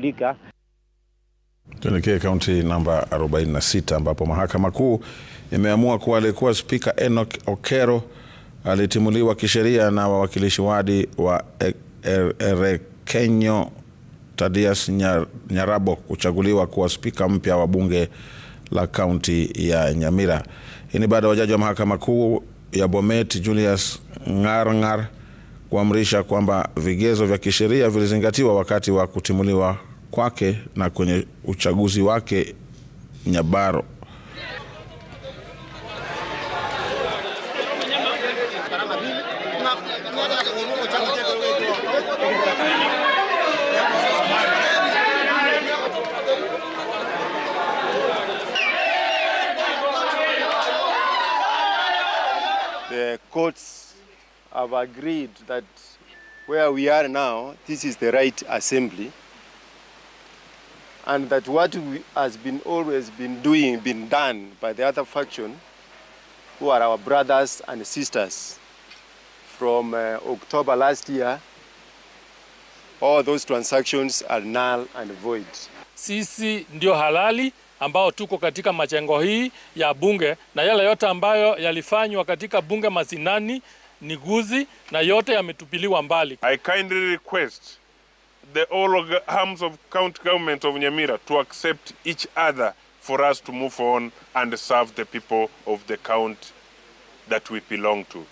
lika Tuelekee kaunti namba 46 ambapo mahakama kuu imeamua kuwa aliyekuwa spika Enoch Okero alitimuliwa kisheria na wawakilishi wadi wa Erekenyo er, Tadias Nyarabo kuchaguliwa kuwa spika mpya wa bunge la kaunti ya Nyamira. Hii ni baada ya wajaji wa mahakama kuu ya Bomet Julius Ngarngar kuamrisha kwamba vigezo vya kisheria vilizingatiwa wakati wa kutimuliwa kwake na kwenye uchaguzi wake Nyabaro. The courts have agreed that where we are now, this is the right assembly and that what we has been always been doing been done by the other faction who are our brothers and sisters from uh, October last year all those transactions are null and void. Sisi ndio halali ambao tuko katika majengo hii ya bunge na yale yote ambayo yalifanywa katika bunge mazinani ni guzi na yote yametupiliwa mbali. I kindly request the all arms of county government of Nyamira to accept each other for us to move on and serve the people of the county that we belong to.